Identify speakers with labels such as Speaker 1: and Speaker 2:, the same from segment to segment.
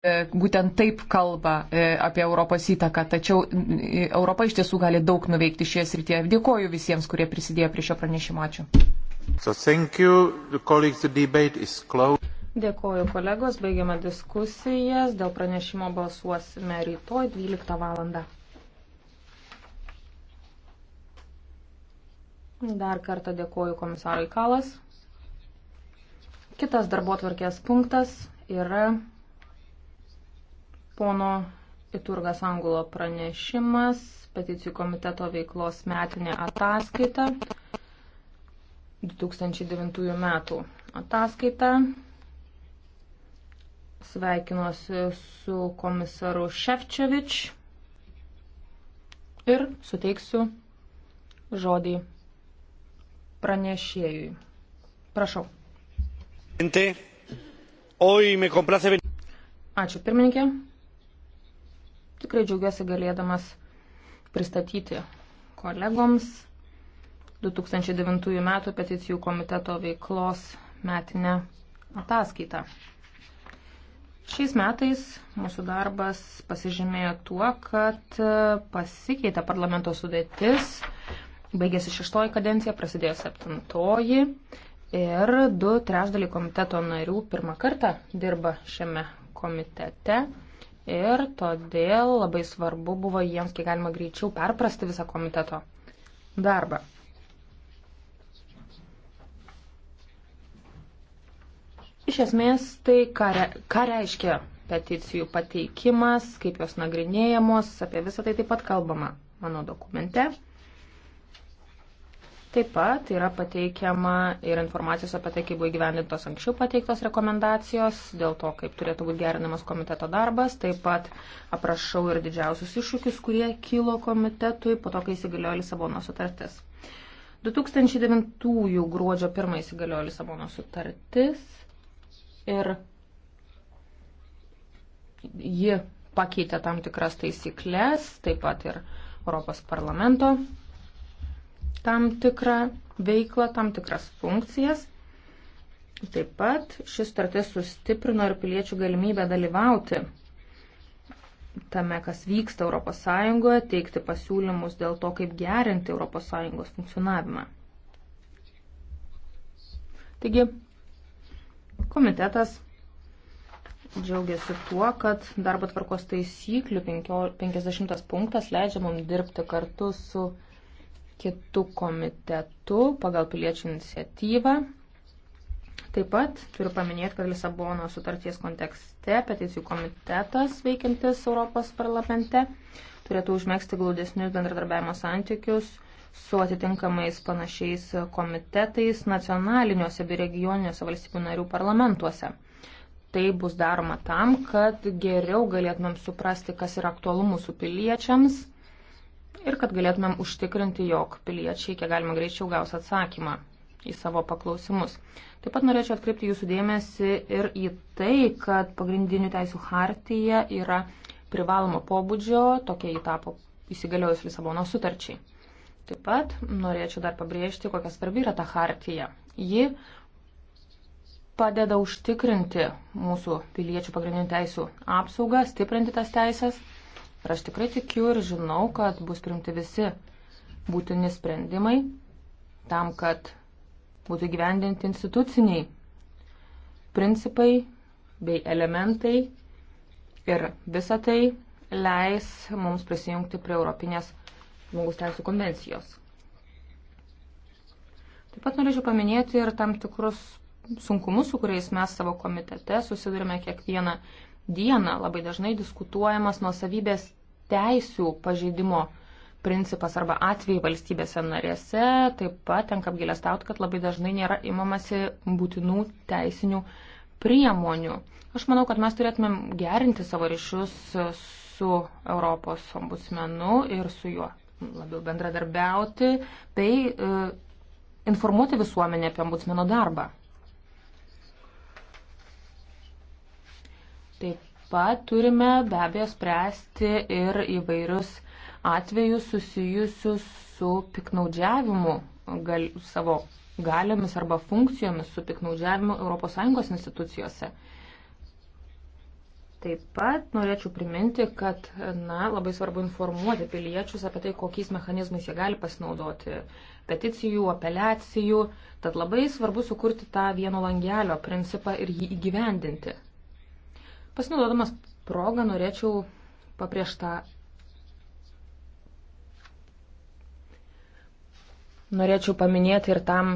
Speaker 1: E, būtent taip kalba e, apie Europos įtaką, tačiau Europa iš tiesų gali daug nuveikti šioje srityje. Dėkoju visiems, kurie prisidėjo prie šio pranešimo. Ačiū. So Dėkoju kolegos, baigiame diskusijas,
Speaker 2: dėl pranešimo balsuosime rytoj 12 val. Dar kartą dėkoju komisarui Kalas. Kitas darbo tvarkės punktas yra Pono Iturgas Angulo pranešimas, peticijų komiteto veiklos metinė ataskaita, 2009 metų ataskaita. Sveikinuosi su komisaru Ševčevič ir suteiksiu žodį pranešėjui. Prašau. Ačiū pirmininkė. Tikrai džiaugiuosi galėdamas pristatyti kolegoms 2009 m. peticijų komiteto veiklos metinę ataskaitą. Šiais metais mūsų darbas pasižymėjo tuo, kad pasikeitė parlamento sudėtis, baigėsi šeštoji kadencija, prasidėjo septintoji ir du trešdaliai komiteto narių pirmą kartą dirba šiame komitete ir todėl labai svarbu buvo jiems kiek galima greičiau perprasti visą komiteto darbą. Iš esmės, tai ką, re, ką reiškia peticijų pateikimas, kaip jos nagrinėjamos, apie visą tai taip pat kalbama mano dokumente. Taip pat yra pateikiama ir informacijos apie tai, kaip buvo įgyvendintos anksčiau pateiktos rekomendacijos, dėl to, kaip turėtų būti gerinamas komiteto darbas. Taip pat aprašau ir didžiausius iššūkius, kurie kilo komitetui po to, kai įsigaliojo Lisabono sutartis. 2009 gruodžio 1 įsigaliojo Lisabono sutartis ir ji pakeitė tam tikras taisyklės, taip pat ir Europos parlamento tam tikrą veiklą, tam tikras funkcijas. Taip pat šis sutartis sustiprino ir piliečių galimybę dalyvauti tame, kas vyksta ES, teikti pasiūlymus dėl to, kaip gerinti ES funkcionavimą. Taigi, komitetas džiaugiasi tuo, kad darbo tvarkos taisyklių 50 punktas leidžia mums dirbti kartu su kitų komitetų pagal piliečių iniciatyvą. Taip pat turiu paminėti, kad Lisabono sutarties kontekste peticijų komitetas veikiantis Europos parlamente turėtų užmėgsti glaudesnius bendradarbiavimo santykius su atitinkamais panašiais komitetais nacionaliniuose bei regioniniuose valstybių narių parlamentuose. Tai bus daroma tam, kad geriau galėtumėm suprasti, kas yra aktualu mūsų piliečiams ir kad galėtumėm užtikrinti, jog piliečiai kiek galima greičiau gaus atsakymą į savo paklausimus. Taip pat norėčiau atkreipti jūsų dėmesį ir į tai, kad pagrindinių teisų hartija yra privalomo pobūdžio, tokia jį tapo įsigaliojus Lisabono sutarčiai. Taip pat norėčiau dar pabrėžti, kokia svarbi yra ta hartija. Ji padeda užtikrinti mūsų piliečių pagrindinių teisų apsaugą, stiprinti tas teisės Ir aš tikrai tikiu ir žinau, kad bus primti visi būtini sprendimai tam, kad būtų gyvendinti instituciniai principai bei elementai ir visa tai leis mums prisijungti prie Europinės žmogus teisų konvencijos. Taip pat norėčiau paminėti ir tam tikrus sunkumus, su kuriais mes savo komitete susidurime kiekvieną dieną labai dažnai diskutuojamas nuosavybės teisių pažeidimo principas arba atvejai valstybėse narėse. Taip pat tenka apgailestauti, kad labai dažnai nėra imamasi būtinų teisinių priemonių. Aš manau, kad mes turėtumėm gerinti savo ryšius su Europos ombudsmenu ir su juo labiau bendradarbiauti, bei e, informuoti visuomenę apie ombudsmeno darbą. Taip pat turime be abejo spręsti ir įvairius atvejus susijusius su piknaudžiavimu gal, savo galiomis arba funkcijomis, su piknaudžiavimu ES institucijose. Taip pat norėčiau priminti, kad na, labai svarbu informuoti piliečius apie tai, kokiais mechanizmais jie gali pasinaudoti - peticijų, apeliacijų. Tad labai svarbu sukurti tą vieno langelio principą ir jį įgyvendinti. Pasinaudodamas progą norėčiau papriešta. Norėčiau paminėti ir tam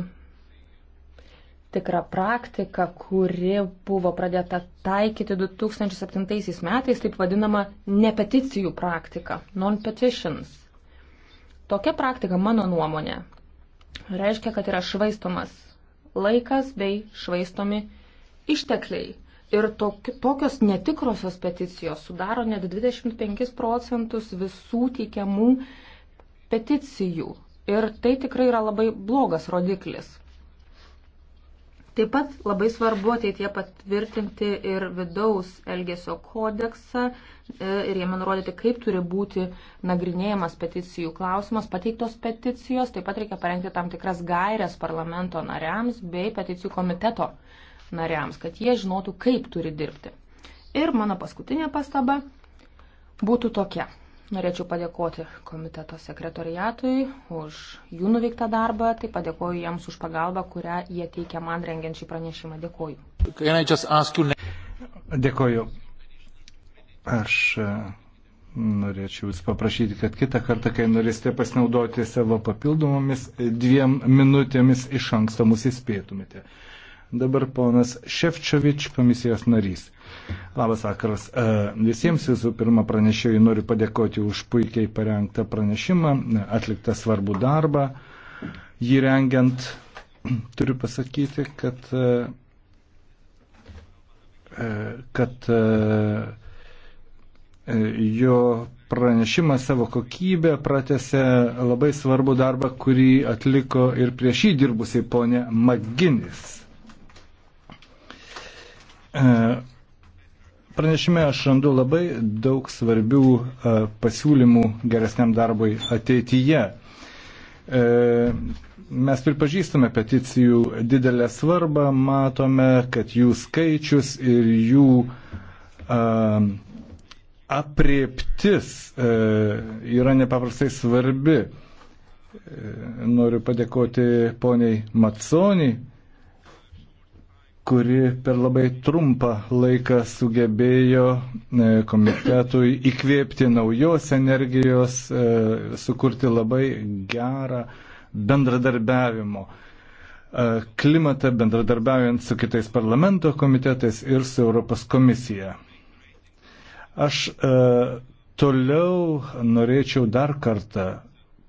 Speaker 2: tikrą praktiką, kuri buvo pradėta taikyti 2007 metais, taip vadinama nepeticijų praktika, non-petitions. Tokia praktika, mano nuomonė, reiškia, kad yra švaistomas laikas bei švaistomi ištekliai Ir toki, tokios netikrosios peticijos sudaro net 25 procentus visų teikiamų peticijų. Ir tai tikrai yra labai blogas rodiklis. Taip pat labai svarbu ateitie patvirtinti ir vidaus elgesio kodeksą e, ir jame nurodyti, kaip turi būti nagrinėjamas peticijų klausimas, pateiktos peticijos. Taip pat reikia parengti tam tikras gairias parlamento nariams bei peticijų komiteto nariams, kad jie žinotų, kaip turi dirbti. Ir mano paskutinė pastaba būtų tokia. Norėčiau padėkoti komiteto sekretoriatui už jų nuveiktą darbą, taip padėkoju jiems už pagalbą, kurią jie teikia man rengiant šį pranešimą. Dėkoju.
Speaker 3: Dėkoju. Aš e, norėčiau Jūs paprašyti, kad kitą kartą, kai norėsite pasinaudoti savo papildomomis dviem minutėmis iš anksto mus įspėtumėte. Dabar ponas Ševčiovič, komisijos narys. Labas vakaras. E, visiems visų pirma pranešėjai noriu padėkoti už puikiai parengtą pranešimą, atliktą svarbų darbą. Jį rengiant turiu pasakyti, kad, e, e, kad jo pranešimas savo kokybę pratėse labai svarbu darbą, kurį atliko ir prieš jį dirbusiai ponė Maginis. E, pranešime aš randu labai daug svarbių e, pasiūlymų geresniam darbui ateityje. E, mes pripažįstame peticijų didelę svarbą, matome, kad jų skaičius ir jų apriptis yra nepaprastai svarbi. Noriu padėkoti poniai Matsoniai kuri per labai trumpą laiką sugebėjo e, komitetui įkvėpti naujos energijos, e, sukurti labai gerą bendradarbiavimo e, klimatą, bendradarbiaujant su kitais parlamento komitetais ir su Europos komisija. Aš toliau norėčiau dar kartą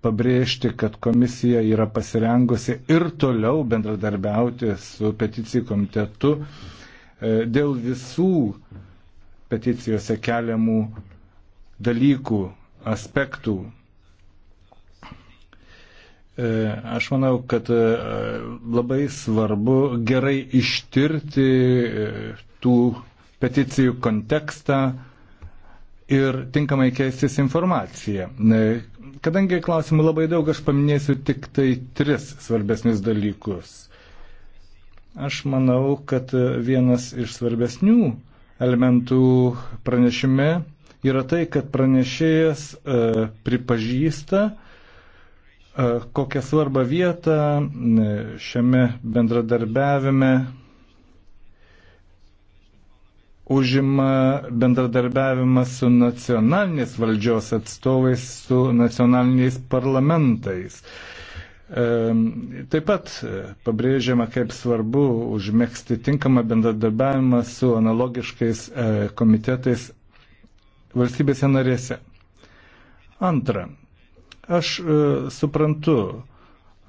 Speaker 3: pabrėžti, kad komisija yra pasirengusi ir toliau bendradarbiauti su peticijų komitetu e, dėl visų peticijose keliamų dalykų, aspektų. E, aš manau, kad e, labai svarbu gerai ištirti tų peticijų kontekstą ir tinkamai keistis informaciją. Kadangi klausimų labai daug, aš paminėsiu tik tai tris svarbesnius dalykus. Aš manau, kad vienas iš svarbesnių elementų pranešime yra tai, kad pranešėjas e, pripažįsta, e, kokią svarbą vietą e, šiame bendradarbiavime užima bendradarbiavimas su nacionalinės valdžios atstovais, su nacionaliniais parlamentais. Taip pat e, pabrėžiama, kaip svarbu užmėgsti tinkamą bendradarbiavimą su analogiškais e, komitetais valstybėse narėse. Antra, aš e, suprantu,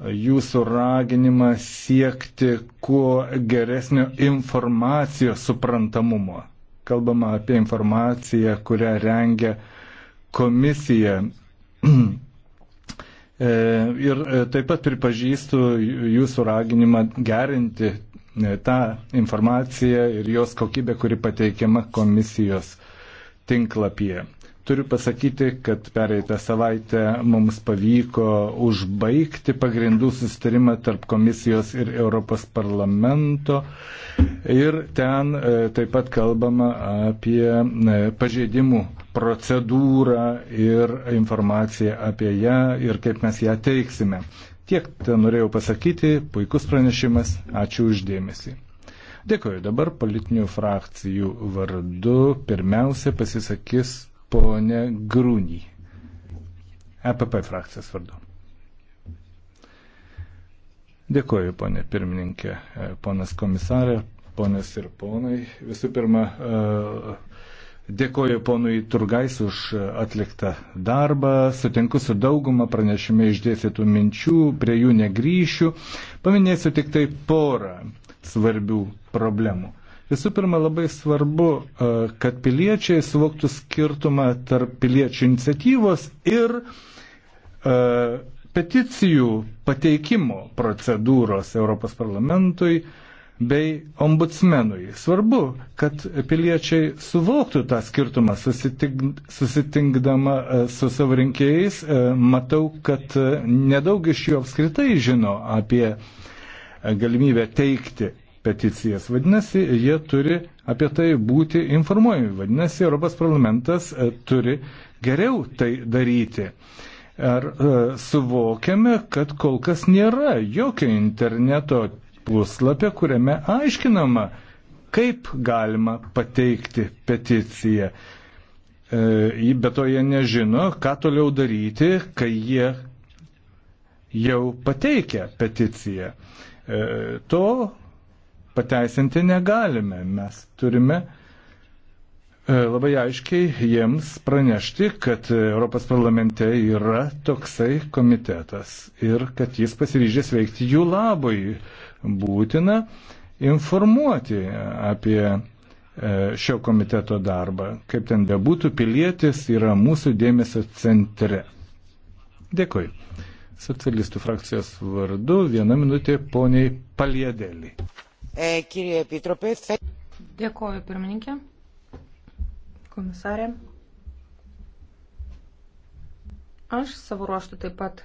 Speaker 3: jūsų raginimą siekti kuo geresnio informacijos suprantamumo. Kalbama apie informaciją, kurią rengia komisija. E, ir e, taip pat pripažįstu jūsų raginimą gerinti e, tą informaciją ir jos kokybę, kuri pateikiama komisijos tinklapyje. Turiu pasakyti, kad pereitą savaitę mums pavyko užbaigti pagrindų sustarimą tarp komisijos ir Europos parlamento. Ir ten e, taip pat kalbama apie e, pažeidimų procedūrą ir informaciją apie ją ir kaip mes ją teiksime. Tiek ten norėjau pasakyti, puikus pranešimas, ačiū uždėmesi. Dėkuoju. Dabar politinių frakcijų vardu pirmiausia pasisakys ponė Grūnį. EPP frakcijos vardu. Dėkuoju, ponė pirmininkė, e, ponas komisarė, ponės ir ponai. Visų pirma, e, dėkuoju ponui Turgais už atliktą darbą. Sutinku su dauguma pranešime išdėstytų minčių, prie jų negryšiu. Paminėsiu tik tai porą svarbių problemų. Visų pirma, labai svarbu, kad piliečiai suvoktų skirtumą tarp piliečių iniciatyvos ir uh, peticijų pateikimo procedūros Europos parlamentui bei ombudsmenui. Svarbu, kad piliečiai suvoktų tą skirtumą susitinkdama su savo rinkėjais. Matau, kad nedaug iš jų apskritai žino apie galimybę teikti peticijas. Vadinasi, jie turi apie tai būti informuojami. Vadinasi, Europos parlamentas e, turi geriau tai daryti. Ar e, suvokiame, kad kol kas nėra jokio interneto puslapio, kuriame aiškinama, kaip galima pateikti peticiją. E, bet to jie nežino, ką toliau daryti, kai jie jau pateikia peticiją. E, to pateisinti negalime. Mes turime e, labai aiškiai jiems pranešti, kad Europos parlamente yra toksai komitetas ir kad jis pasiryžęs veikti jų labui. Būtina informuoti apie e, šio komiteto darbą. Kaip ten bebūtų, pilietis yra mūsų dėmesio centre. Dėkui. Socialistų frakcijos vardu viena minutė poniai Paliedėlį.
Speaker 2: E, Kyrie Pitropė. Dėkoju, pirmininkė. Komisarė. Aš savo ruoštų taip pat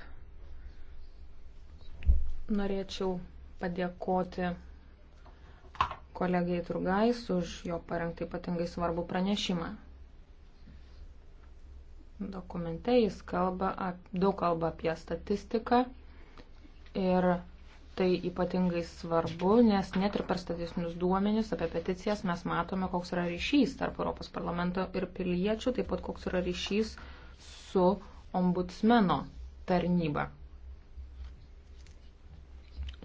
Speaker 2: norėčiau padėkoti kolegai Turgais už jo parengtą ypatingai svarbų pranešimą. Dokumente jis kalba, daug kalba apie statistiką ir Tai ypatingai svarbu, nes net ir per statistinius duomenis apie peticijas mes matome, koks yra ryšys tarp Europos parlamento ir piliečių, taip pat koks yra ryšys su ombudsmeno tarnyba.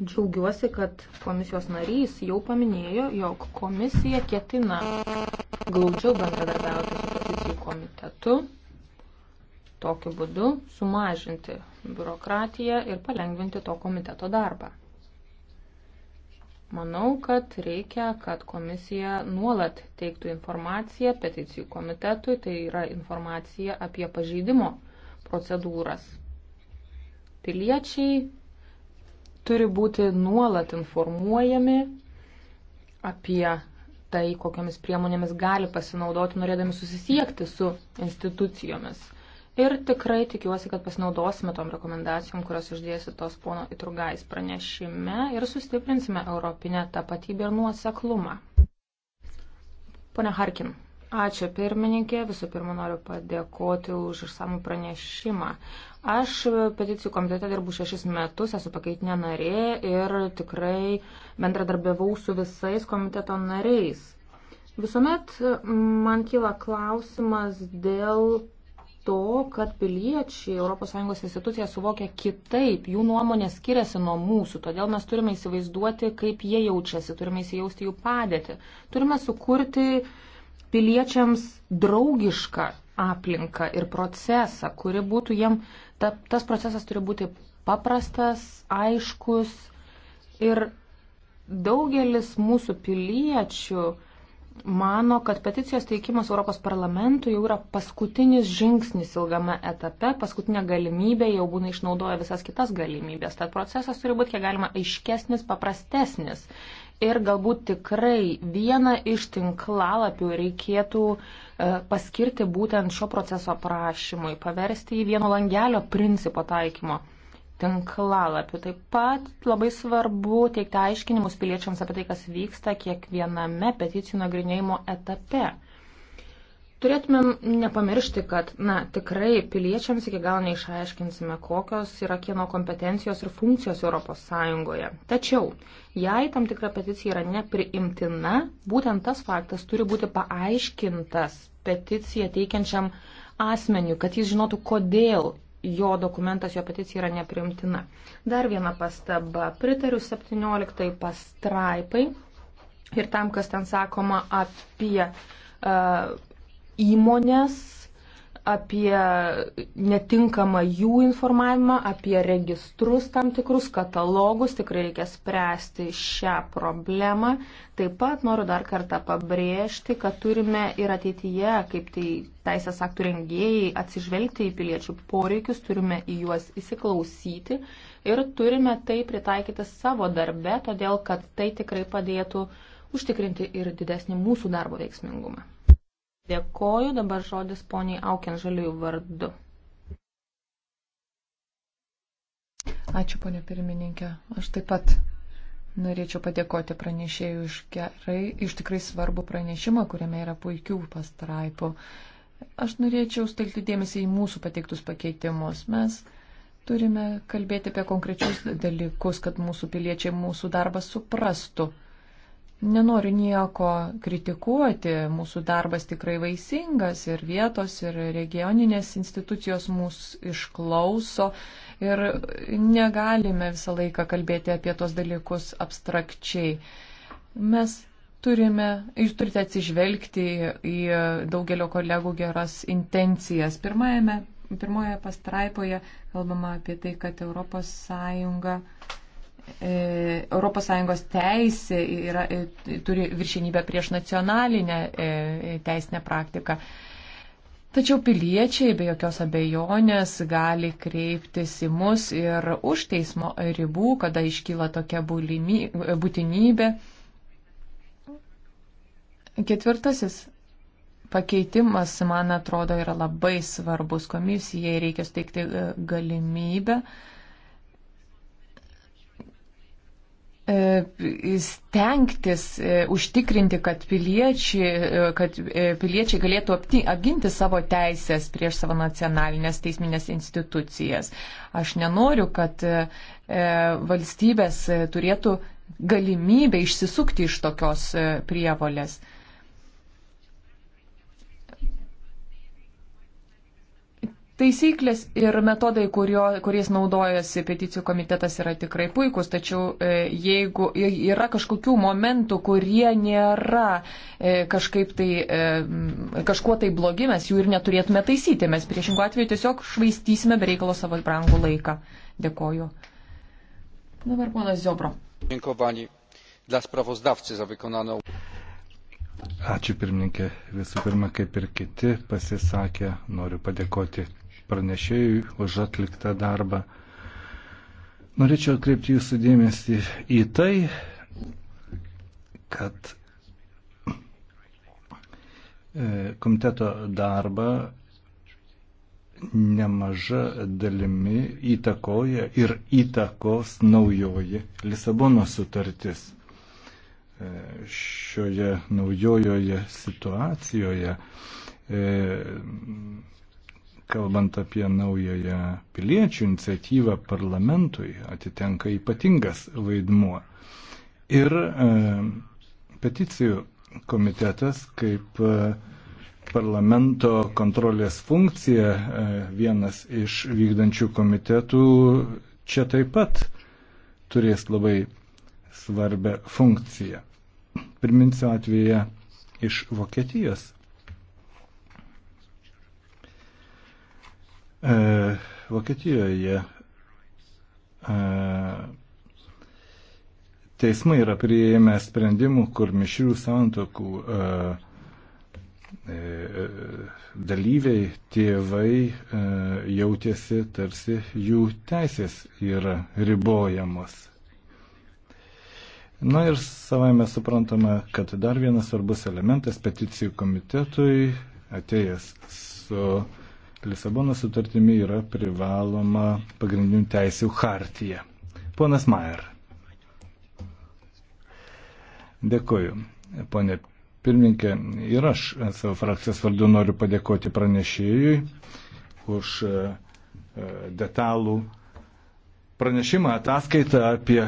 Speaker 2: Džiaugiuosi, kad komisijos narys jau paminėjo, jog komisija ketina glaudžiau bendradarbiauti su peticijų komitetu tokiu būdu sumažinti biurokratiją ir palengvinti to komiteto darbą. Manau, kad reikia, kad komisija nuolat teiktų informaciją peticijų komitetui, tai yra informacija apie pažeidimo procedūras. Piliečiai turi būti nuolat informuojami apie tai, kokiamis priemonėmis gali pasinaudoti, norėdami susisiekti su institucijomis ir tikrai tikiuosi, kad pasinaudosime tom rekomendacijom, kurios išdėstytos pono Itrugais pranešime ir sustiprinsime europinę tapatybę ir nuoseklumą. Pone Harkin. Ačiū pirmininkė, visų pirma noriu padėkoti už išsamų pranešimą. Aš peticijų komitete dirbu šešis metus, esu pakeitinė narė ir tikrai bendradarbiavau su visais komiteto nariais. Visuomet man kyla klausimas dėl to, kad piliečiai ES instituciją suvokia kitaip, jų nuomonė skiriasi nuo mūsų, todėl mes turime įsivaizduoti, kaip jie jaučiasi, turime įsijausti jų padėtį, turime sukurti piliečiams draugišką aplinką ir procesą, kuri būtų jiem, ta, tas procesas turi būti paprastas, aiškus ir daugelis mūsų piliečių mano, kad peticijos teikimas Europos parlamentui jau yra paskutinis žingsnis ilgame etape, paskutinė galimybė jau būna išnaudoja visas kitas galimybės. Tad procesas turi būti kiek galima aiškesnis, paprastesnis. Ir galbūt tikrai vieną iš tinklalapių reikėtų e, paskirti būtent šio proceso prašymui, paversti į vieno langelio principo taikymo tinklalapių. Taip pat labai svarbu teikti aiškinimus piliečiams apie tai, kas vyksta kiekviename peticijų nagrinėjimo etape. Turėtumėm nepamiršti, kad, na, tikrai piliečiams iki galo neišaiškinsime, kokios yra kieno kompetencijos ir funkcijos ES. Tačiau, jei tam tikra peticija yra nepriimtina, būtent tas faktas turi būti paaiškintas peticiją teikiančiam asmeniu, kad jis žinotų, kodėl jo dokumentas, jo peticija yra neprimtina. Dar viena pastaba. Pritariu 17 pastraipai ir tam, kas ten sakoma apie uh, įmonės apie netinkamą jų informavimą, apie registrus tam tikrus, katalogus, tikrai reikia spręsti šią problemą. Taip pat noriu dar kartą pabrėžti, kad turime ir ateityje, kaip tai teisės aktų rengėjai, atsižvelgti į piliečių poreikius, turime į juos įsiklausyti ir turime tai pritaikyti savo darbe, todėl kad tai tikrai padėtų užtikrinti ir didesnį mūsų darbo veiksmingumą. Dėkoju, dabar žodis poniai Aukien žaliųjų vardu.
Speaker 1: Ačiū, ponė pirmininkė. Aš taip pat norėčiau padėkoti pranešėjų iš gerai, iš tikrai svarbu pranešimą, kuriame yra puikių pastraipų. Aš norėčiau stelti dėmesį į mūsų pateiktus pakeitimus. Mes turime kalbėti apie konkrečius dalykus, kad mūsų piliečiai mūsų darbą suprastų. Nenoriu nieko kritikuoti, mūsų darbas tikrai vaisingas ir vietos, ir regioninės institucijos mūsų išklauso ir negalime visą laiką kalbėti apie tos dalykus abstrakčiai. Mes turime, jūs turite atsižvelgti į daugelio kolegų geras intencijas. Pirmajame, pirmoje pastraipoje kalbama apie tai, kad ES ES teisė yra, e, turi viršinybę prieš nacionalinę e, e, teisinę praktiką. Tačiau piliečiai be jokios abejonės gali kreiptis į mus ir už teismo ribų, kada iškyla tokia būlimy, būtinybė. Ketvirtasis pakeitimas, man atrodo, yra labai svarbus komisijai, reikia steigti galimybę uh, E, stengtis e, užtikrinti, kad piliečiai, e, kad piliečiai galėtų apti, apginti savo teisės prieš savo nacionalinės teisminės institucijas. Aš nenoriu, kad valstybės turėtų galimybę išsisukti iš tokios prievolės. Taisyklės ir metodai, kurio, kuriais naudojasi peticijų komitetas, yra tikrai puikus, tačiau e, jeigu yra kažkokių momentų, kurie nėra e, kažkaip tai, e, kažkuo tai blogi, mes jų ir neturėtume taisyti, mes priešingų atveju tiesiog švaistysime bereikalo savo brangų laiką. Dėkoju. Dabar ponas Ziobro.
Speaker 3: Ačiū pirmininkė. Visų pirma, kaip ir kiti pasisakė, noriu padėkoti pranešėjui už atliktą darbą. Norėčiau atkreipti jūsų dėmesį į tai, kad e, komiteto darbą nemaža dalimi įtakoja ir įtakos naujoji Lisabono sutartis. E, šioje naujojoje situacijoje e, kalbant apie naująją piliečių iniciatyvą parlamentui, atitenka ypatingas vaidmuo. Ir e, peticijų komitetas kaip e, parlamento kontrolės funkcija, e, vienas iš vykdančių komitetų, čia taip pat turės labai svarbę funkciją. Pirminsiu atveju iš Vokietijos Vokietijoje e, teismai yra prieėmę sprendimų, kur mišrių santokų e, e, dalyviai, tėvai jautėsi tarsi jų teisės yra ribojamos. Na ir savai mes suprantame, kad dar vienas svarbus elementas peticijų komitetui atėjęs su Lisabono sutartimi yra privaloma pagrindinių teisių hartija. Ponas Maier. Dėkuoju, ponė pirmininkė. Ir aš savo frakcijos vardu noriu padėkoti pranešėjui už e, e, detalų pranešimą ataskaitą apie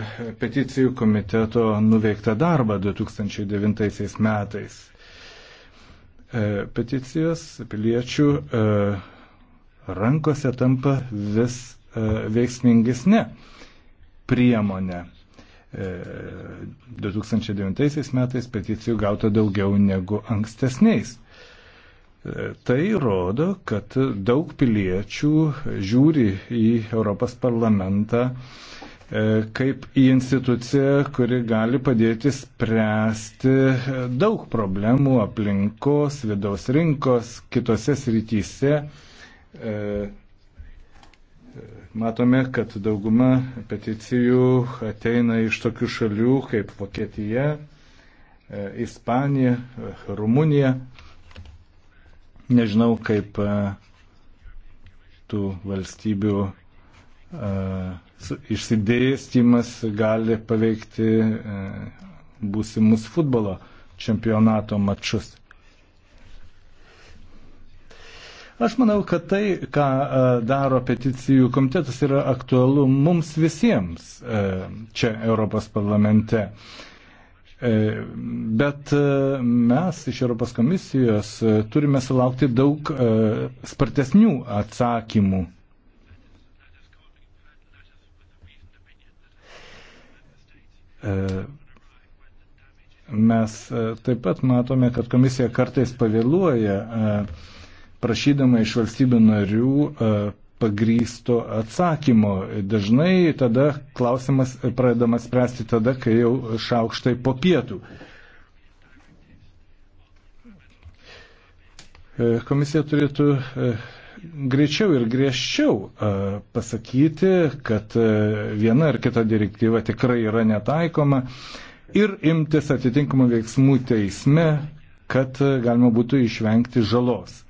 Speaker 3: peticijų komiteto nuveiktą darbą 2009 metais. E, peticijos piliečių rankose tampa vis e, veiksmingesnė priemonė. 2009 e, metais peticijų gauta daugiau negu ankstesniais. E, tai rodo, kad daug piliečių žiūri į Europos parlamentą kaip į instituciją, kuri gali padėti spręsti daug problemų aplinkos, vidaus rinkos, kitose srityse E, matome, kad dauguma peticijų ateina iš tokių šalių kaip Vokietija, e, Ispanija, Rumunija. Nežinau, kaip e, tų valstybių išsidėstymas gali paveikti būsimus futbolo čempionato mačius. Aš manau, kad tai, ką e, daro peticijų komitetas, yra aktualu mums visiems e, čia Europos parlamente. E, bet mes iš Europos komisijos turime sulaukti daug spartesnių atsakymų Mes taip pat matome, kad komisija kartais pavėluoja prašydama iš valstybių narių e, pagrysto atsakymo. Dažnai tada klausimas pradedamas spręsti tada, kai jau šaukštai po pietų. E, komisija turėtų e, greičiau ir griežčiau pasakyti, kad viena ar kita direktyva tikrai yra netaikoma ir imtis atitinkamų veiksmų teisme, kad galima būtų išvengti žalos.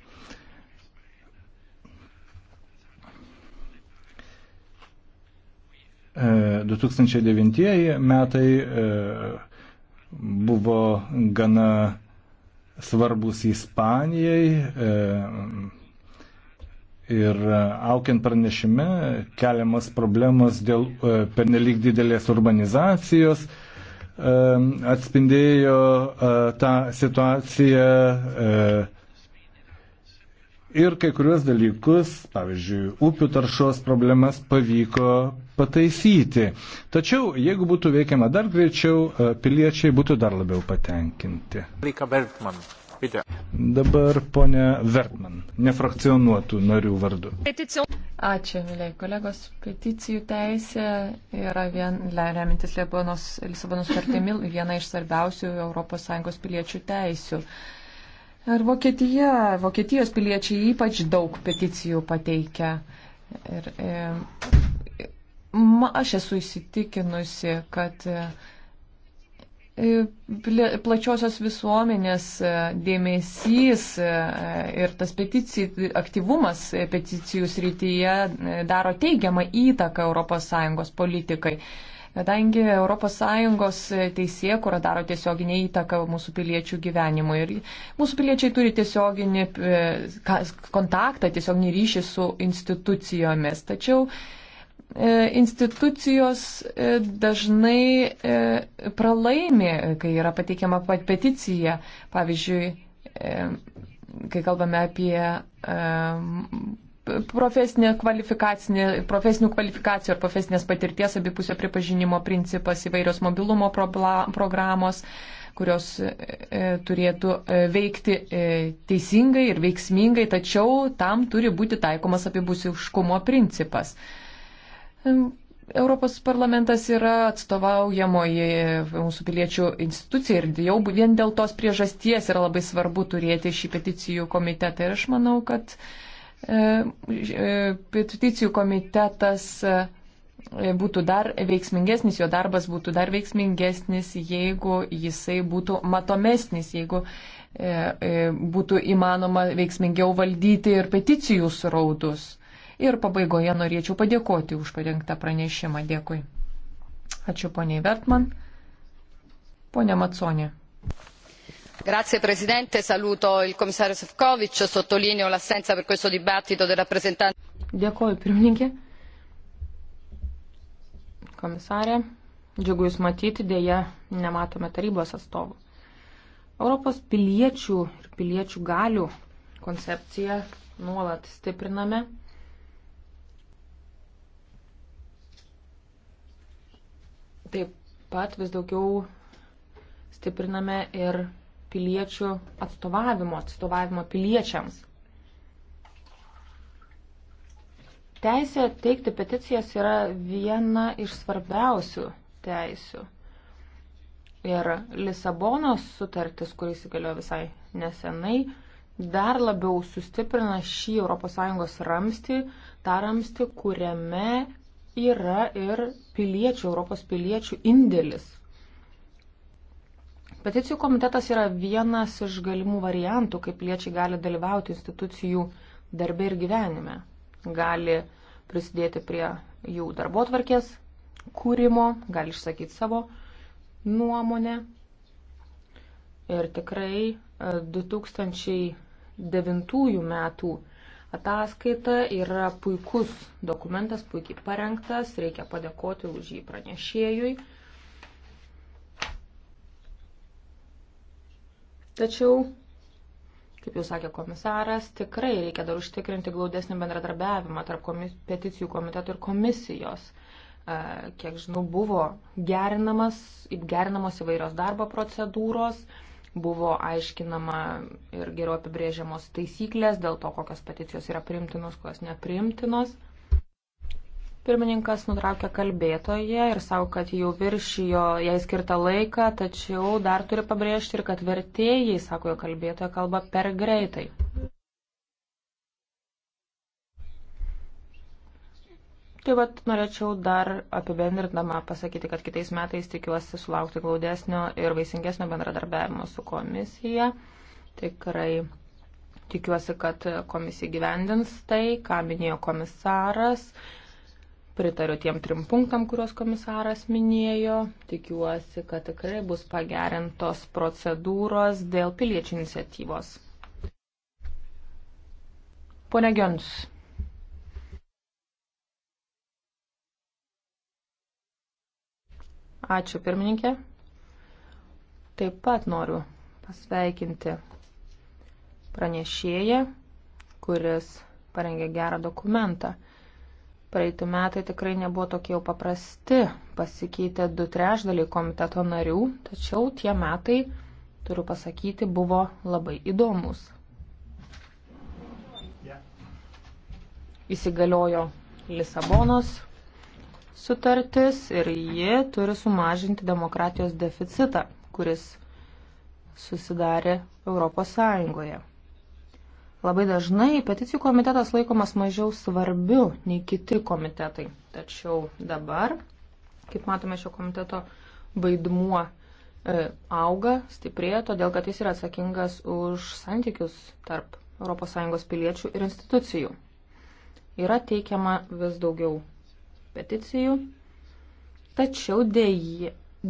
Speaker 3: 2009 metai e, buvo gana svarbus Ispanijai, e, Ir aukiant pranešime keliamas problemas dėl e, pernelyg didelės urbanizacijos atspindėjo tą situaciją ir kai kuriuos dalykus, pavyzdžiui, upių taršos problemas pavyko pataisyti. Tačiau, jeigu būtų veikiama dar greičiau, e, piliečiai būtų dar labiau patenkinti. Dabar ponia Vertman, nefrakcionuotų narių vardu.
Speaker 1: Ačiū, mėlyi kolegos. Peticijų teisė yra vien, remintis Lisabonos sutartimi viena iš svarbiausių ES piliečių teisių. Ir Vokietija, Vokietijos piliečiai ypač daug peticijų pateikia. Ir, e, Ma, aš esu įsitikinusi, kad e, plačiosios visuomenės e, dėmesys e, ir tas peticijų aktyvumas peticijų srityje daro teigiamą įtaką ES politikai. Kadangi ES teisėkura daro tiesioginį įtaką mūsų piliečių gyvenimui ir mūsų piliečiai turi tiesioginį kontaktą, tiesioginį ryšį su institucijomis. Tačiau E, institucijos e, dažnai e, pralaimi, kai yra pateikiama peticija. Pavyzdžiui, kai kalbame apie profesinė kvalifikacinė, profesinių kvalifikacijų ar profesinės patirties abipusio pripažinimo principas, įvairios mobilumo probla, programos, kurios e, turėtų e, veikti e, teisingai ir veiksmingai, tačiau tam turi būti taikomas abipusiškumo principas. E, Europos parlamentas yra atstovaujamoji mūsų piliečių institucija ir jau vien dėl tos priežasties yra labai svarbu turėti šį peticijų komitetą. Ir aš manau, kad e, e, peticijų komitetas e, būtų dar veiksmingesnis, jo darbas būtų dar veiksmingesnis, jeigu jisai būtų matomesnis, jeigu būtų įmanoma veiksmingiau valdyti ir peticijų srautus. Ir pabaigoje norėčiau padėkoti už parengtą pranešimą. Dėkui. Ačiū poniai Vertman. Pone Maconė.
Speaker 2: Grazie Presidente, saluto il commissario Sefcovic, sottolineo l'assenza per questo dibattito del rappresentante. Dėkoju, pirmininkė. Komisarė, džiugu Jūs matyti, dėja nematome tarybos atstovų. Europos piliečių ir piliečių galių koncepciją nuolat stipriname Taip pat vis daugiau stipriname ir piliečių atstovavimo, atstovavimo piliečiams. Teisė teikti peticijas yra viena iš svarbiausių teisių. Ir Lisabonos sutartis, kuris įgaliojo visai nesenai, dar labiau sustiprina šį ES ramstį, tą ramstį, kuriame yra ir piliečių, Europos piliečių indėlis. Peticijų komitetas yra vienas iš galimų variantų, kaip piliečiai gali dalyvauti institucijų darbė ir gyvenime. Gali prisidėti prie jų darbo tvarkės kūrimo, gali išsakyti savo nuomonę. Ir tikrai 2009 e, metų Ataskaita yra puikus dokumentas, puikiai parengtas, reikia padėkoti už jį pranešėjui. Tačiau, kaip jau sakė komisaras, tikrai reikia dar užtikrinti glaudesnį bendradarbiavimą tarp komis, peticijų komitetų ir komisijos. E, kiek žinau, buvo gerinamas, gerinamos įvairios darbo procedūros buvo aiškinama ir geriau apibrėžiamos taisyklės dėl to, kokios peticijos yra primtinos, kokios neprimtinos. Pirmininkas nutraukė kalbėtoje ir savo, kad jau viršijo jai skirtą laiką, tačiau dar turi pabrėžti ir, kad vertėjai, sako jo kalbėtoja, kalba per greitai. Tai vat norėčiau dar apibendrindama pasakyti, kad kitais metais tikiuosi sulaukti glaudesnio ir vaisingesnio bendradarbiavimo su komisija. Tikrai tikiuosi, kad komisija gyvendins tai, ką minėjo komisaras. Pritariu tiem trim punktam, kuriuos komisaras minėjo. Tikiuosi, kad tikrai bus pagerintos procedūros dėl piliečių iniciatyvos. Pone Gions. Ačiū pirmininkė. Taip pat noriu pasveikinti pranešėją, kuris parengė gerą dokumentą. Praeitų metai tikrai nebuvo tokie jau paprasti, pasikeitė du trešdaliai komiteto narių, tačiau tie metai, turiu pasakyti, buvo labai įdomus. Įsigaliojo Lisabonos sutartis ir ji turi sumažinti demokratijos deficitą, kuris susidarė Europos Sąjungoje. Labai dažnai peticijų komitetas laikomas mažiau svarbiu nei kiti komitetai. Tačiau dabar, kaip matome, šio komiteto vaidmuo e, auga, stiprėja, todėl kad jis yra atsakingas už santykius tarp ES piliečių ir institucijų. Yra teikiama vis daugiau peticijų, tačiau dėje,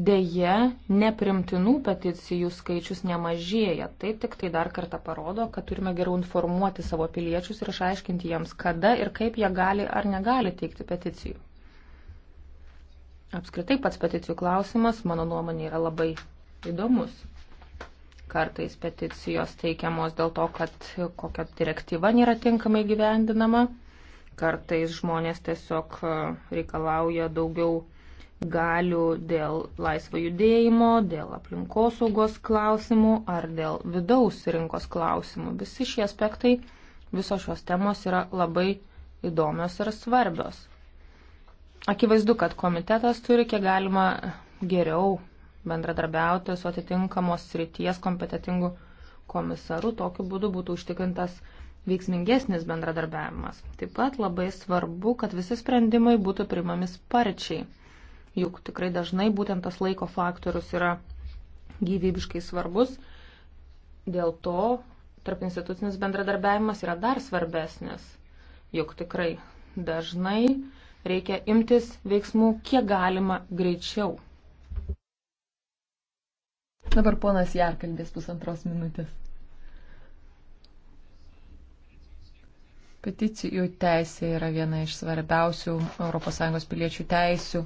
Speaker 2: dėje neprimtinų peticijų skaičius nemažėja. Tai tik tai dar kartą parodo, kad turime geriau informuoti savo piliečius ir išaiškinti jiems, kada ir kaip jie gali ar negali teikti peticijų. Apskritai pats peticijų klausimas, mano nuomonė, yra labai įdomus. Kartais peticijos teikiamos dėl to, kad kokia direktyva nėra tinkamai gyvendinama Kartais žmonės tiesiog e, reikalauja daugiau galių dėl laisvo judėjimo, dėl aplinkosaugos klausimų ar dėl vidaus rinkos klausimų. Visi šie aspektai, visos šios temos yra labai įdomios ir svarbios. Akivaizdu, kad komitetas turi kiek galima geriau bendradarbiauti su atitinkamos srities kompetitingu komisaru. Tokiu būdu būtų užtikrintas veiksmingesnis bendradarbiavimas. Taip pat labai svarbu, kad visi sprendimai būtų primami sparčiai, juk tikrai dažnai būtent tas laiko faktorius yra gyvybiškai svarbus, dėl to tarp institucinis bendradarbiavimas yra dar svarbesnis, juk tikrai dažnai reikia imtis veiksmų kiek galima greičiau.
Speaker 1: Dabar ponas Jarkalbės pusantros minutės. Peticijų teisė yra viena iš svarbiausių ES piliečių teisių.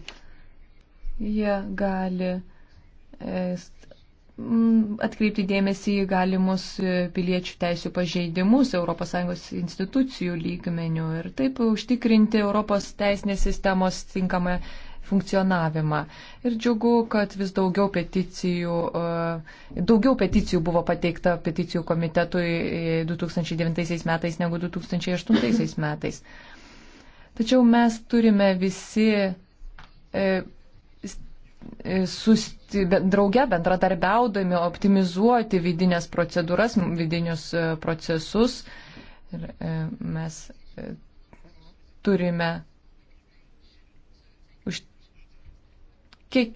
Speaker 1: Jie gali e, atkreipti dėmesį į galimus e, piliečių teisų pažeidimus ES institucijų lygmenių ir taip užtikrinti Europos teisinės sistemos tinkamą funkcionavimą. Ir džiugu, kad vis daugiau peticijų, e, daugiau peticijų buvo pateikta peticijų komitetui 2009 e, metais negu 2008 metais. Tačiau mes turime visi e, susti, drauge bendradarbiaudami optimizuoti vidinės procedūras, vidinius procesus. Ir mes turime kiek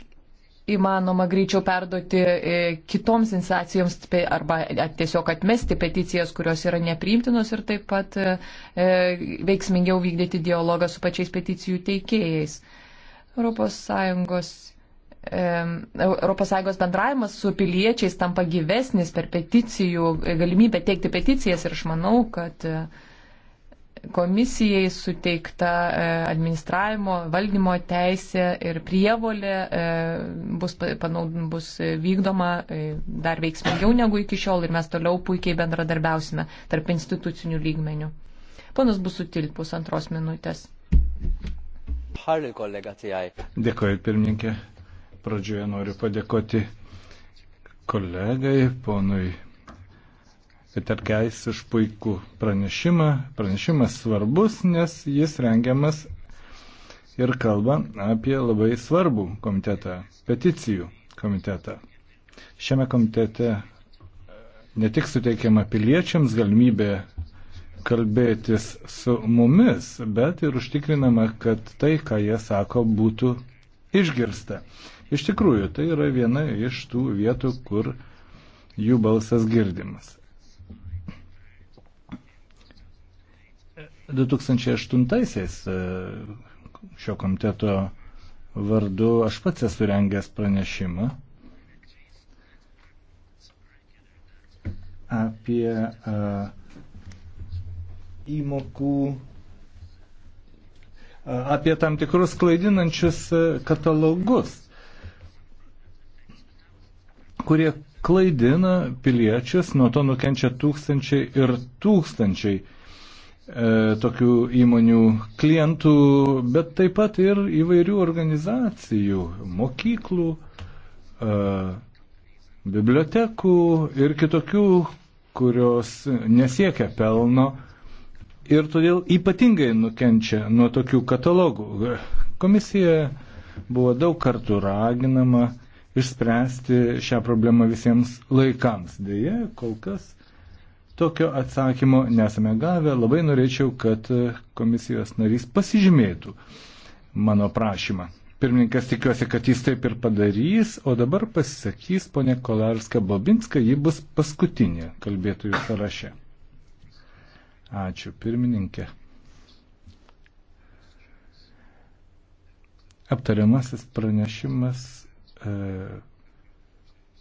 Speaker 1: įmanoma greičiau perduoti e, kitoms instancijoms arba tiesiog atmesti peticijas, kurios yra nepriimtinos ir taip pat e, e, veiksmingiau vykdyti dialogą su pačiais peticijų teikėjais. ES ES bendravimas su piliečiais tampa gyvesnis per peticijų, galimybę teikti peticijas ir aš manau, kad uh, komisijai suteikta e, administravimo, valdymo teisė ir prievolė e, bus, panaud, bus vykdoma e, dar veiksmingiau negu iki šiol ir mes toliau puikiai bendradarbiausime tarp institucinių lygmenių. Ponas bus sutilpus antros minutės.
Speaker 3: Dėkoju, pirmininkė. Pradžioje noriu padėkoti kolegai, ponui Peterkeis už puikų pranešimą. Pranešimas svarbus, nes jis rengiamas ir kalba apie labai svarbų komitetą, peticijų komitetą. Šiame komitete e, ne tik suteikiama piliečiams galimybė kalbėtis su mumis, bet ir užtikrinama, kad tai, ką jie sako, būtų išgirsta. Iš tikrųjų, tai yra viena iš tų vietų, kur jų balsas girdimas. 2008-aisiais e, šio komiteto vardu aš pats esu rengęs pranešimą apie e, įmokų e, apie tam tikrus klaidinančius katalogus, kurie klaidina piliečius, nuo to nukenčia tūkstančiai ir tūkstančiai E, tokių įmonių klientų, bet taip pat ir įvairių organizacijų, mokyklų, e, bibliotekų ir kitokių, kurios nesiekia pelno ir todėl ypatingai nukenčia nuo tokių katalogų. Komisija buvo daug kartų raginama išspręsti šią problemą visiems laikams. Deja, kol kas Tokio atsakymo nesame gavę. Labai norėčiau, kad komisijos narys pasižymėtų mano prašymą. Pirmininkas tikiuosi, kad jis taip ir padarys, o dabar pasisakys ponė Kolarska Bobinska, ji bus paskutinė kalbėtojų sąraše. Ačiū, pirmininkė. Aptariamasis pranešimas e,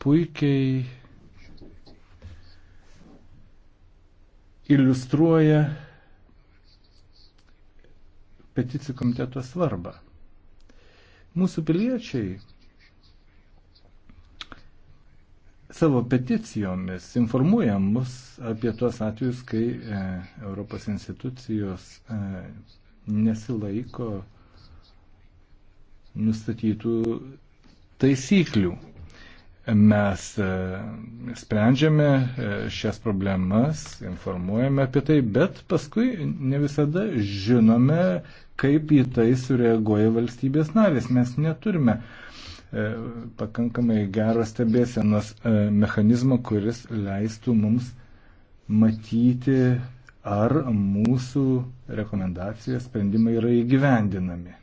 Speaker 3: puikiai iliustruoja peticijų komiteto svarbą. Mūsų piliečiai savo peticijomis informuoja mus apie tuos atvejus, kai e, Europos institucijos e, nesilaiko nustatytų taisyklių. Mes e, sprendžiame e, šias problemas, informuojame apie tai, bet paskui ne visada žinome, kaip į tai sureaguoja valstybės narės. Mes neturime e, pakankamai gero stebėsenos mechanizmo, kuris leistų mums matyti, ar mūsų rekomendacijos sprendimai yra įgyvendinami.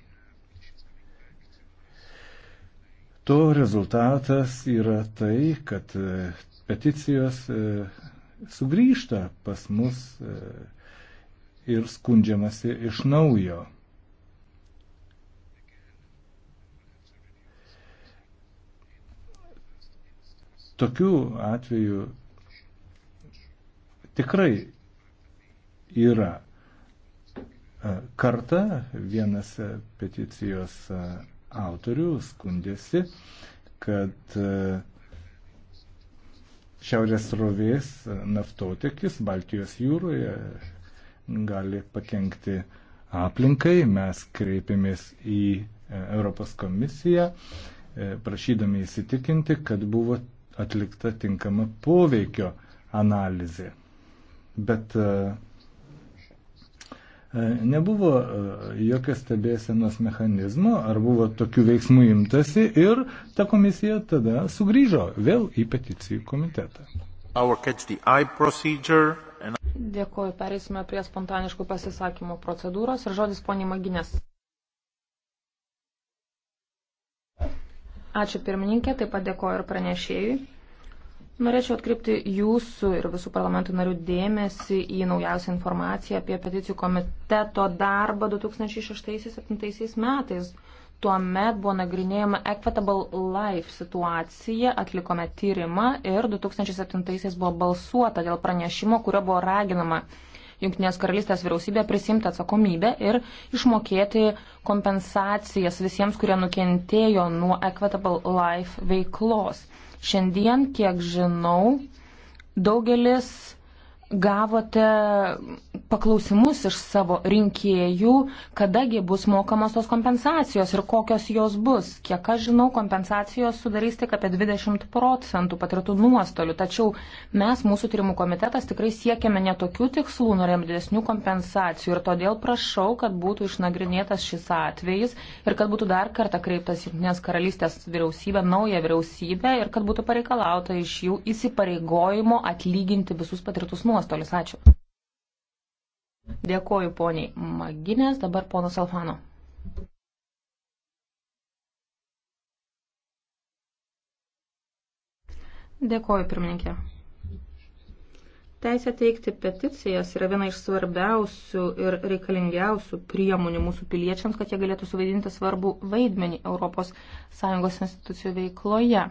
Speaker 3: To rezultatas yra tai, kad e, peticijos e, sugrįžta pas mus e, ir skundžiamasi iš naujo. Tokių atvejų tikrai yra. Karta vienas peticijos autorių skundėsi, kad e, šiaurės rovės naftotekis Baltijos jūroje gali pakengti aplinkai. Mes kreipėmės į e, Europos komisiją, e, prašydami įsitikinti, kad buvo atlikta tinkama poveikio analizė. Bet E, nebuvo e, jokio stebėsenos mechanizmo, ar buvo tokių veiksmų imtasi ir ta komisija tada sugrįžo vėl į peticijų komitetą.
Speaker 2: And... Dėkuoju, perėsime prie spontaniškų pasisakymų procedūros ir žodis poniai Maginės. Ačiū pirmininkė, taip pat dėkoju ir pranešėjui. Norėčiau atkreipti jūsų ir visų parlamentų narių dėmesį į naujausią informaciją apie peticijų komiteto darbą 2006-2007 metais. Tuomet buvo nagrinėjama Equitable Life situacija, atlikome tyrimą ir 2007 buvo balsuota dėl pranešimo, kurio buvo raginama Junktinės karalystės vyriausybė prisimti atsakomybę ir išmokėti kompensacijas visiems, kurie nukentėjo nuo Equitable Life veiklos. Šiandien, kiek žinau, daugelis gavote paklausimus iš savo rinkėjų, kadagi bus mokamos tos kompensacijos ir kokios jos bus. Kiek aš žinau, kompensacijos sudarys tik apie 20 procentų patirtų nuostolių, tačiau mes, mūsų tyrimų komitetas, tikrai siekiame netokių tikslų, norėjom didesnių kompensacijų ir todėl prašau, kad būtų išnagrinėtas šis atvejis ir kad būtų dar kartą kreiptas Junktinės karalystės vyriausybė, nauja vyriausybė ir kad būtų pareikalauta iš jų įsipareigojimo atlyginti visus patirtus nuostolius nuostolius. Ačiū. Dėkoju poniai Maginės, dabar ponas Alfano. Dėkoju, pirmininkė. Teisė teikti peticijas yra viena iš svarbiausių ir reikalingiausių priemonių mūsų piliečiams, kad jie galėtų suvaidinti svarbų vaidmenį ES institucijų veikloje.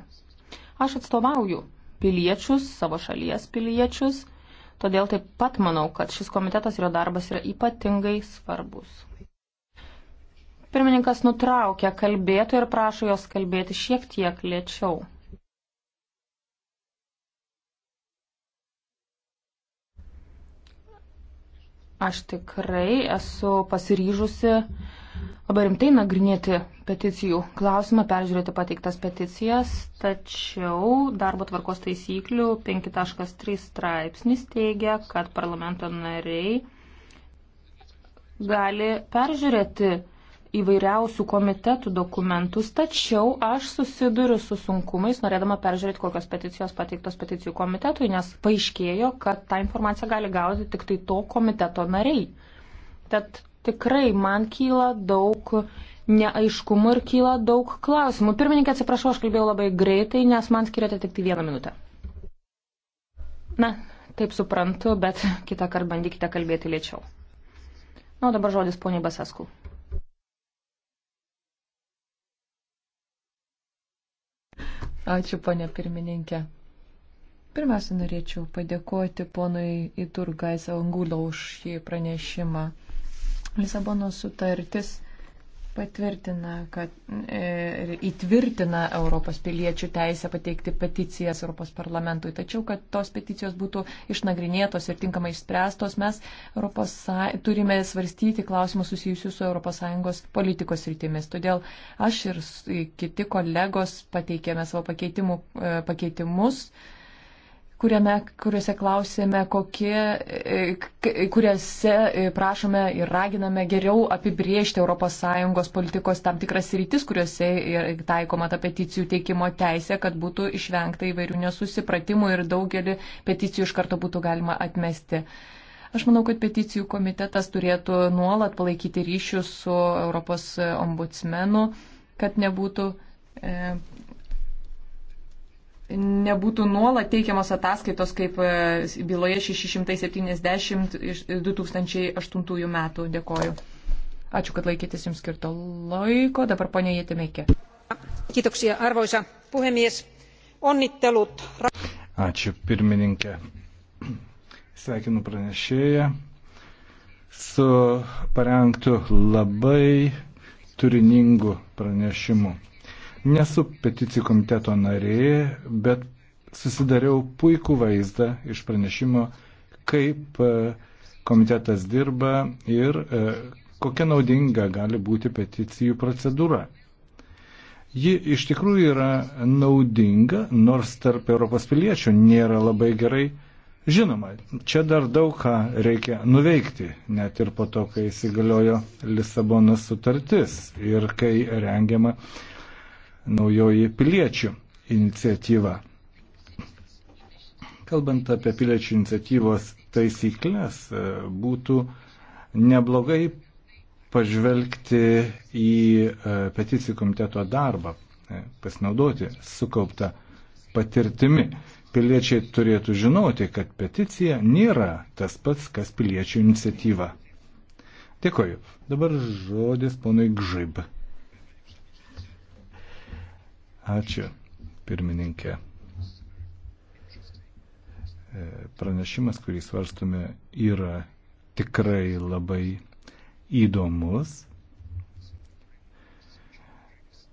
Speaker 2: Aš atstovauju piliečius, savo šalies piliečius Todėl taip pat manau, kad šis komitetas ir jo darbas yra ypatingai svarbus. Pirmininkas nutraukia kalbėtoją ir prašo jos kalbėti šiek tiek lėčiau. Aš tikrai esu pasiryžusi labai rimtai nagrinėti peticijų klausimą, peržiūrėti pateiktas peticijas, tačiau darbo tvarkos taisyklių 5.3 straipsnis teigia, kad parlamento nariai gali peržiūrėti įvairiausių komitetų dokumentus, tačiau aš susiduriu su sunkumais, norėdama peržiūrėti, kokios peticijos pateiktos peticijų komitetui, nes paaiškėjo, kad tą informaciją gali gauti tik tai to komiteto nariai. Tad tikrai man kyla daug neaiškumų ir kyla daug klausimų. Pirmininkė, atsiprašau, aš kalbėjau labai greitai, nes man skiriate tik tai vieną minutę. Na, taip suprantu, bet kitą kartą bandykite kalbėti lėčiau. Na, o dabar žodis poniai Basesku.
Speaker 1: Ačiū, ponė pirmininkė. Pirmiausia, norėčiau padėkoti ponui Iturgais Angulo už šį pranešimą. Lisabono sutartis patvirtina, kad e, įtvirtina Europos piliečių teisę pateikti peticijas Europos parlamentui. Tačiau, kad tos peticijos būtų išnagrinėtos ir tinkamai išspręstos, mes Europos, turime svarstyti klausimus susijusius su ES politikos rytimis. Todėl aš ir kiti kolegos pateikėme savo pakeitimų, e, pakeitimus. E, kuriame, kuriuose klausėme, kokie, e, kuriuose e, prašome ir raginame geriau apibriežti ES politikos tam tikras rytis, kuriuose e, taikoma ta peticijų teikimo teisė, kad būtų išvengta įvairių nesusipratimų ir daugelį peticijų iš karto būtų galima atmesti. Aš manau, kad peticijų komitetas turėtų nuolat palaikyti ryšius su Europos ombudsmenu, kad nebūtų. E, nebūtų nuolat teikiamos ataskaitos kaip e, byloje 670 iš 2008 metų. Dėkoju. Ačiū, kad laikytis jums skirto laiko. Dabar ponia Jėtimėkė. Kiitoksia, arvoisa puhemies. Onnittelut.
Speaker 3: Ačiū, pirmininkė. Sveikinu pranešėją su parengtu labai turiningu pranešimu. Nesu peticijų komiteto narė, bet susidariau puikų vaizdą iš pranešimo, kaip e, komitetas dirba ir e, kokia naudinga gali būti peticijų procedūra. Ji iš tikrųjų yra naudinga, nors tarp Europos piliečių nėra labai gerai žinoma. Čia dar daug ką reikia nuveikti, net ir po to, kai įsigaliojo Lisabonos sutartis ir kai rengiama uh, naujoji piliečių iniciatyva. Kalbant apie piliečių iniciatyvos taisyklės, e, būtų neblogai pažvelgti į e, peticijų komiteto darbą, e, pasinaudoti sukauptą patirtimi. Piliečiai turėtų žinoti, kad peticija nėra tas pats, kas piliečių iniciatyva. Dėkoju. Dabar žodis ponui Gžib. Ačiū, pirmininkė. E, pranešimas, kurį svarstume, yra tikrai labai įdomus.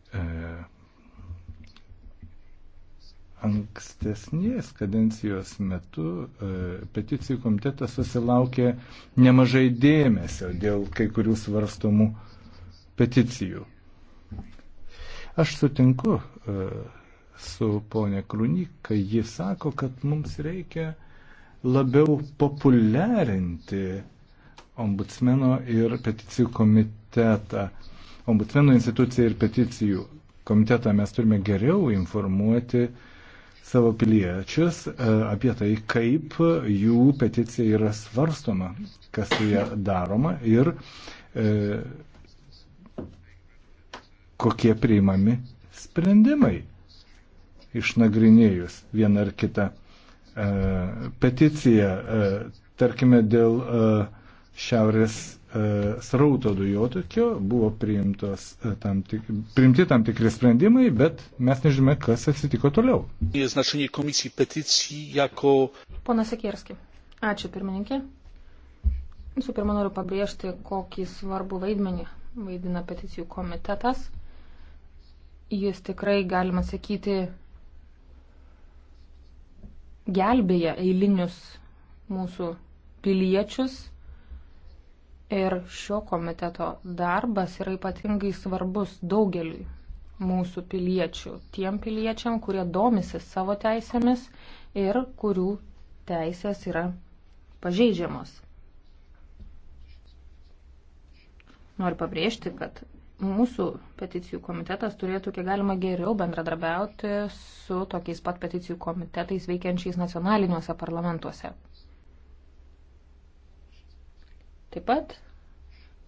Speaker 3: E, ankstesnės kadencijos metu e, peticijų komitetas susilaukė nemažai dėmesio dėl kai kurių svarstomų peticijų. Aš sutinku e, su ponė Krūny, kai ji sako, kad mums reikia labiau populiarinti ombudsmeno ir peticijų komitetą. Ombudsmeno instituciją ir peticijų komitetą mes turime geriau informuoti savo piliečius e, apie tai, kaip jų peticija yra svarstoma, kas su ja daroma ir e, kokie priimami sprendimai, išnagrinėjus vieną ar kitą e, peticiją, e, tarkime, dėl e, šiaurės e, srauto dujotokio buvo priimtos, e, tam tik, priimti tam tikri sprendimai, bet mes nežinome, kas atsitiko toliau. Jako...
Speaker 2: Ponas Sekierski, ačiū pirmininkė. Visų pirma, noriu pabrėžti, kokį svarbų vaidmenį vaidina peticijų komitetas Jis tikrai, galima sakyti, gelbėja eilinius mūsų piliečius. Ir šio komiteto darbas yra ypatingai svarbus daugeliui mūsų piliečių, tiem piliečiam, kurie domisi savo teisėmis ir kurių teisės yra pažeidžiamos. Noriu pabrėžti, kad mūsų peticijų komitetas turėtų kiek galima geriau bendradarbiauti su tokiais pat peticijų komitetais veikiančiais nacionaliniuose parlamentuose. Taip pat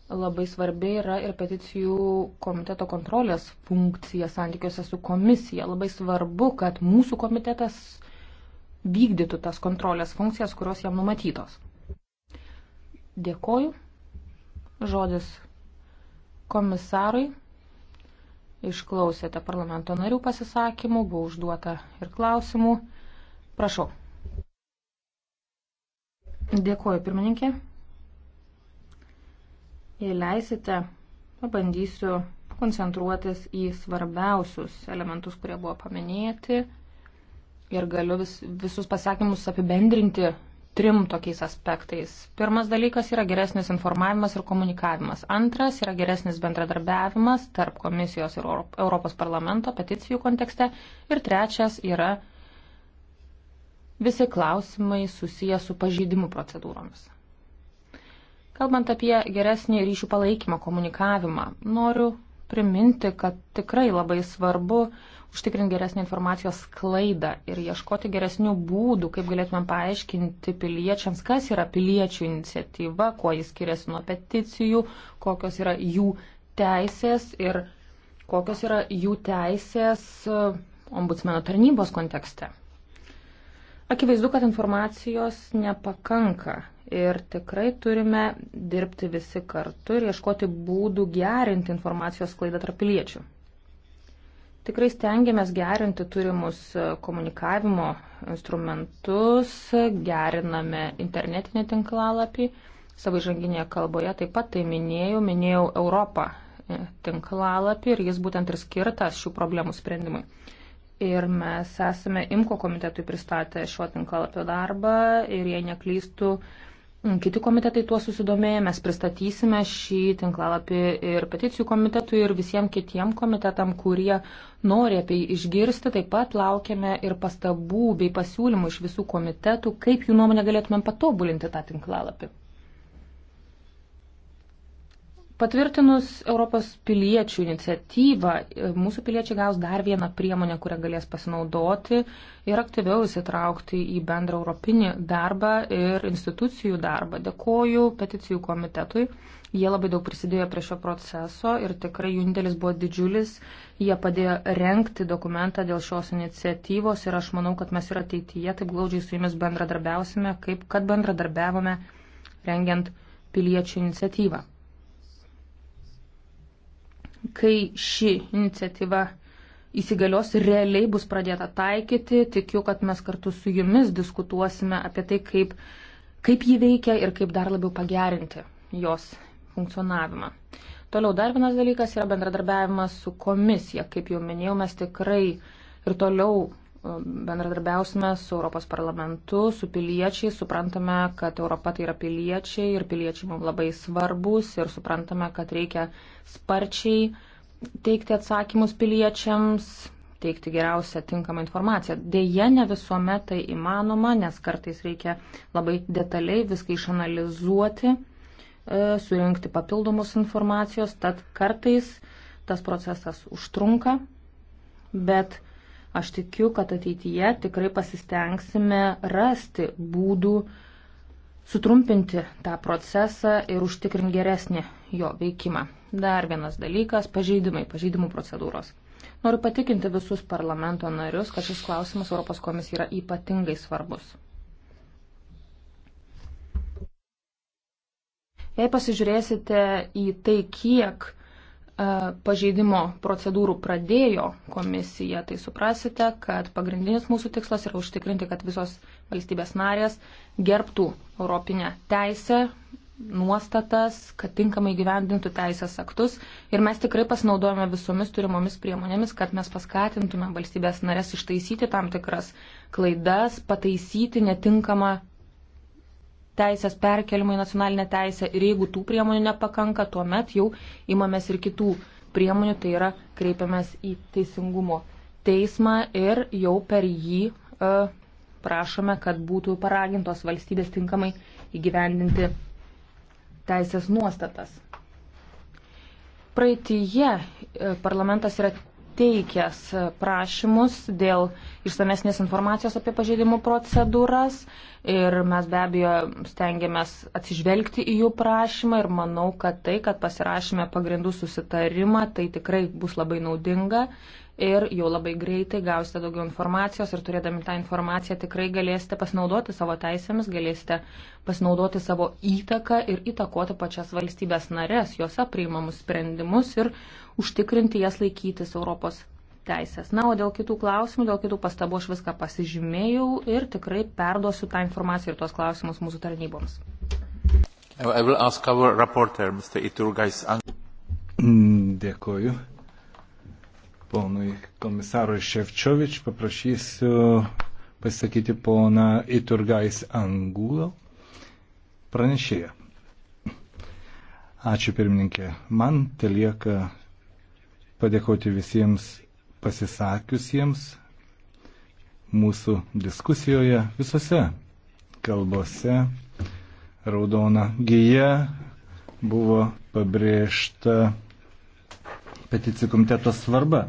Speaker 2: labai svarbi yra ir peticijų komiteto kontrolės funkcija santykiuose su komisija. Labai svarbu, kad mūsų komitetas vykdytų tas kontrolės funkcijas, kurios jam numatytos. Dėkoju. Žodis komisarui. Išklausėte parlamento narių pasisakymų, buvo užduota ir klausimų. Prašau. Dėkuoju, pirmininkė. Jei leisite, pabandysiu koncentruotis į svarbiausius elementus, kurie buvo paminėti ir galiu vis, visus pasakymus apibendrinti trim tokiais aspektais. Pirmas dalykas yra geresnis informavimas ir komunikavimas. Antras yra geresnis bendradarbiavimas tarp komisijos ir Europos parlamento peticijų kontekste. Ir trečias yra visi klausimai susiję su pažeidimų procedūromis. Kalbant apie geresnį ryšių palaikymą, komunikavimą, noriu priminti, kad tikrai labai svarbu užtikrinti geresnį informacijos sklaidą ir ieškoti geresnių būdų, kaip galėtumėm paaiškinti piliečiams, kas yra piliečių iniciatyva, kuo jis skiriasi nuo peticijų, kokios yra jų teisės ir kokios yra jų teisės e, ombudsmeno tarnybos kontekste. Akivaizdu, kad informacijos nepakanka ir tikrai turime dirbti visi kartu ir ieškoti būdų gerinti informacijos klaidą tarp piliečių. Tikrai stengiamės gerinti turimus e, komunikavimo instrumentus, geriname internetinį tinklalapį. Savo žanginėje kalboje taip pat tai minėjau, minėjau Europą e, tinklalapį ir jis būtent ir skirtas šių problemų sprendimui. Ir mes esame IMKO komitetui pristatę šio tinklalapio darbą ir jei neklystų, Mm, kiti komitetai tuo susidomėję, mes pristatysime šį tinklalapį ir peticijų komitetui ir visiems kitiem komitetam, kurie nori apie jį išgirsti. Taip pat laukiame ir pastabų bei pasiūlymų iš visų komitetų, kaip jų nuomonė galėtumėm patobulinti tą tinklalapį. Patvirtinus Europos piliečių iniciatyvą, e, mūsų piliečiai gaus dar vieną priemonę, kurią galės pasinaudoti ir aktyviau įsitraukti į bendrą europinį darbą ir institucijų darbą. Dėkoju peticijų komitetui, jie labai daug prisidėjo prie šio proceso ir tikrai jų indėlis buvo didžiulis, jie padėjo renkti dokumentą dėl šios iniciatyvos ir aš manau, kad mes ir ateityje taip glaudžiai su jumis bendradarbiausime, kaip kad bendradarbiavome rengiant piliečių iniciatyvą kai ši iniciatyva įsigalios ir realiai bus pradėta taikyti, tikiu, kad mes kartu su jumis diskutuosime apie tai, kaip, kaip ji veikia ir kaip dar labiau pagerinti jos funkcionavimą. Toliau dar vienas dalykas yra bendradarbiavimas su komisija. Kaip jau minėjau, mes tikrai ir toliau bendradarbiausime su Europos parlamentu, su piliečiais, suprantame, kad Europa tai yra piliečiai ir piliečiai mums labai svarbus ir suprantame, kad reikia sparčiai teikti atsakymus piliečiams, teikti geriausią tinkamą informaciją. Deja, ne visuomet tai įmanoma, nes kartais reikia labai detaliai viską išanalizuoti, e, surinkti papildomus informacijos, tad kartais tas procesas užtrunka, bet Aš tikiu, kad ateityje tikrai pasistengsime rasti būdų sutrumpinti tą procesą ir užtikrinti geresnį jo veikimą. Dar vienas dalykas - pažeidimai, pažeidimų procedūros. Noriu patikinti visus parlamento narius, kad šis klausimas Europos komisija yra ypatingai svarbus. Jei pasižiūrėsite į tai, kiek E, pažeidimo procedūrų pradėjo komisija, tai suprasite, kad pagrindinis mūsų tikslas yra užtikrinti, kad visos valstybės narės gerbtų Europinę teisę, nuostatas, kad tinkamai gyvendintų teisės aktus ir mes tikrai pasinaudojame visomis turimomis priemonėmis, kad mes paskatintume valstybės narės ištaisyti tam tikras klaidas, pataisyti netinkamą teisės perkelimą į nacionalinę teisę ir jeigu tų priemonių nepakanka, tuomet jau imamės ir kitų priemonių, tai yra kreipiamės į teisingumo teismą ir jau per jį e, prašome, kad būtų paragintos valstybės tinkamai įgyvendinti teisės nuostatas. Praeitįje e, parlamentas yra teikęs prašymus dėl išsamesnės informacijos apie pažeidimų procedūras ir mes be abejo stengiamės atsižvelgti į jų prašymą ir manau, kad tai, kad pasirašėme pagrindų susitarimą, tai tikrai bus labai naudinga ir jau labai greitai gausite daugiau informacijos ir turėdami tą informaciją tikrai galėsite pasinaudoti savo teisėmis, galėsite pasinaudoti savo įtaką ir įtakoti pačias valstybės narės, juose priimamus sprendimus ir užtikrinti jas laikytis Europos teisės. Na, o dėl kitų klausimų, dėl kitų pastabų aš viską pasižymėjau ir tikrai perduosiu tą informaciją ir tuos klausimus mūsų tarnyboms.
Speaker 3: Mm, dėkoju ponui komisarui Ševčiovič, paprašysiu pasakyti poną Iturgais Angulo pranešėją. Ačiū pirmininkė. Man telieka padėkoti visiems pasisakiusiems mūsų diskusijoje visose kalbose. Raudona gyja buvo pabrėžta peticijų komiteto svarba.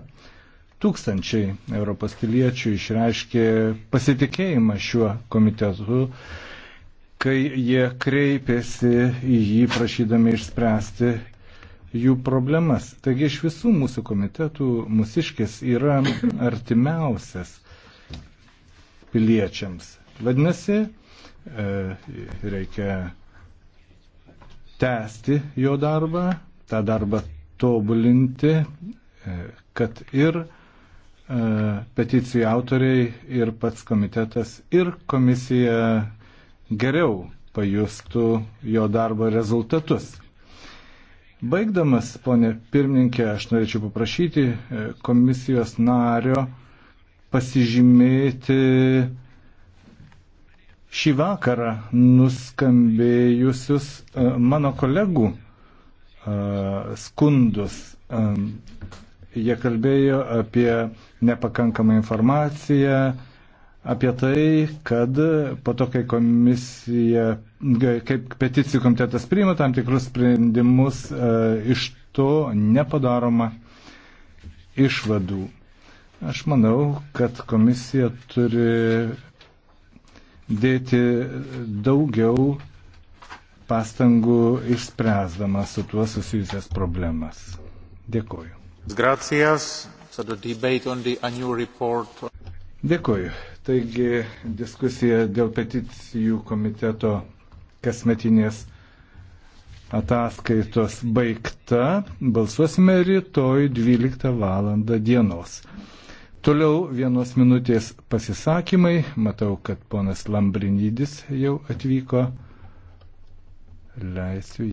Speaker 3: Tūkstančiai Europos piliečių išreiškė pasitikėjimą šiuo komitetu, kai jie kreipėsi į jį prašydami išspręsti jų problemas. Taigi iš visų mūsų komitetų mūsiškis yra artimiausias piliečiams. Vadinasi, e, reikia tęsti jo darbą, tą darbą tobulinti, e, kad ir E, peticijų autoriai ir pats komitetas ir komisija geriau pajustų jo darbo rezultatus. Baigdamas, ponė pirmininkė, aš norėčiau paprašyti e, komisijos nario pasižymėti šį vakarą nuskambėjusius e, mano kolegų skundus Jie kalbėjo apie nepakankamą informaciją, apie tai, kad po to, kai komisija, kaip peticijų komitetas priima tam tikrus sprendimus, e, iš to nepadaroma išvadų. Aš manau, kad komisija turi dėti daugiau pastangų išspręsdama su tuo susijusias problemas. Dėkuoju. Dėkui. Taigi diskusija dėl peticijų komiteto kasmetinės ataskaitos baigta. Balsuosime rytoj 12 val. dienos. Toliau vienos minutės pasisakymai. Matau, kad ponas Lambrinydis jau atvyko. Leisiu.